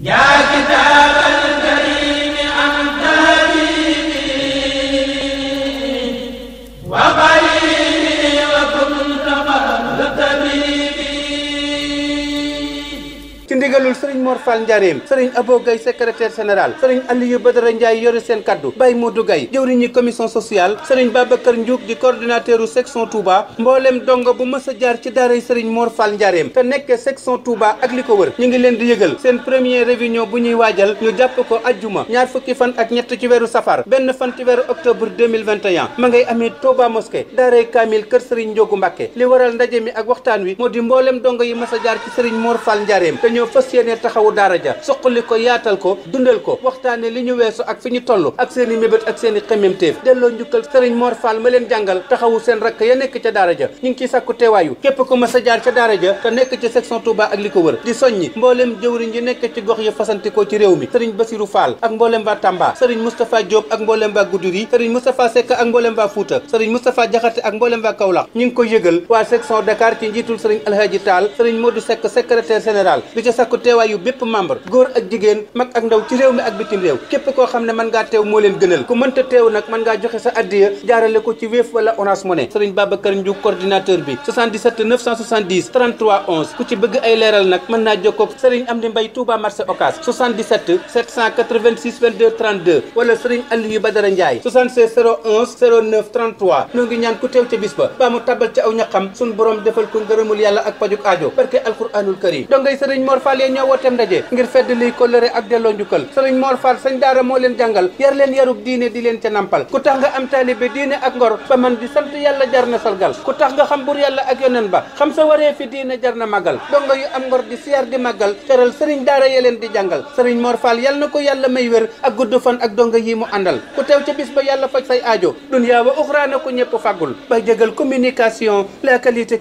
Ya kita ci ndigalul sëriñ Mor Fall Ndiarème sëriñ Abo Gaye secrétaire général sëriñ Aliou Badara Ndiaye yore seen kaddu Baye Modou Gaye jëwriñu commission sociale sëriñ Babacar Ndiouk di coordinateur u section Touba mboolem dongo bu mës a jaar ci daaray sëriñ Mor Fall Ndiarème te nekkee section Touba ak li ko wër ñu ngi leen di yëgal seen première réunion bu ñuy waajal ñu jàpp ko ajjuma ñaar fukki fan ak ñett ci weeru safar benn fan ci weeru octobre 2021 ma ngay amee Touba mosquée daaray Kamil kër sëriñ Ndiogu Mbacke li waral ndaje mi ak waxtaan wi moo di mboolem dongo yi mës a jaar ci sëriñ Mor Fall ñoo fassiyene taxawu dara ja suqali ko yaatal ko dundal ko waxtane li ñu wessu ak fiñu tollu ak seeni mebet ak seeni xemem teef delo njukkal serigne Mor Fall ma leen jangal taxawu seen rakk ya nek ci dara ja ñu ngi ciy sàkku teewaayu képp ko ma sa jaar ci dara ja ta nek ci section Touba ak liko wër di soññi mbollem jeewri ñi nek ci gox ya fassanti ko ci rew mi serigne Basirou Fall ak mbollem ba Tamba serigne mustapha Diop ak mbollem ba Goudiri serigne mustapha sek ak mbollem ba Fouta serigne mustapha Diakhaté ak mbollem ba Kaolack ñu ngi ko yeggal wa section Dakar ci njitul serigne Alhaji Tall serigne Modou sek secrétaire général bi ko sàkku yu bépp membre gor ak jigéen mak ak ndaw ci réew mi ak bitim réew képp ko xam man nga ngaa teew moo leen gënal ku ta teew nak man nga joxe sa addiya jaarale ko ci wéef wala onas moné Serigne Babacar ndiou coordinateur bi 77 970 33 11 ku ci bëgg ay léral nak man na jokkoo ak Serigne Amdi mbay Touba marché Ocass 77 786 22 32 wala Serigne Aliou Badara ndjay 76 011 09 33 noo ngi ñaan ku teew ci bisba ba mu tabal ci aw ñaxam sun borom defal ko ngeerumul yalla ak pajuk aajo alcorane alquranul karim ngay Serigne Mor Mor Fall yéen ñoo wooteem ndaje ngir fedd liy kóllëre ak delloo njukkal sëriñ Mor Fall daara moo leen jàngal yar leen yarub diine di leen ca nampal ku tax nga am taalibe diine ak ngor ba man di sant yàlla jar na sargal ku tax nga xam bur yàlla ak yonen ba xam sa waree fi diine jar na màggal donga yu am ngor di siyaar di màggal teral sëriñ daara ya di jàngal sëriñ Mor yal na ko yàlla may wér ak gudd fan ak donga yi mu àndal ku teew ca bis ba yàlla faj say aajo dunya wa uxra na ko la qualité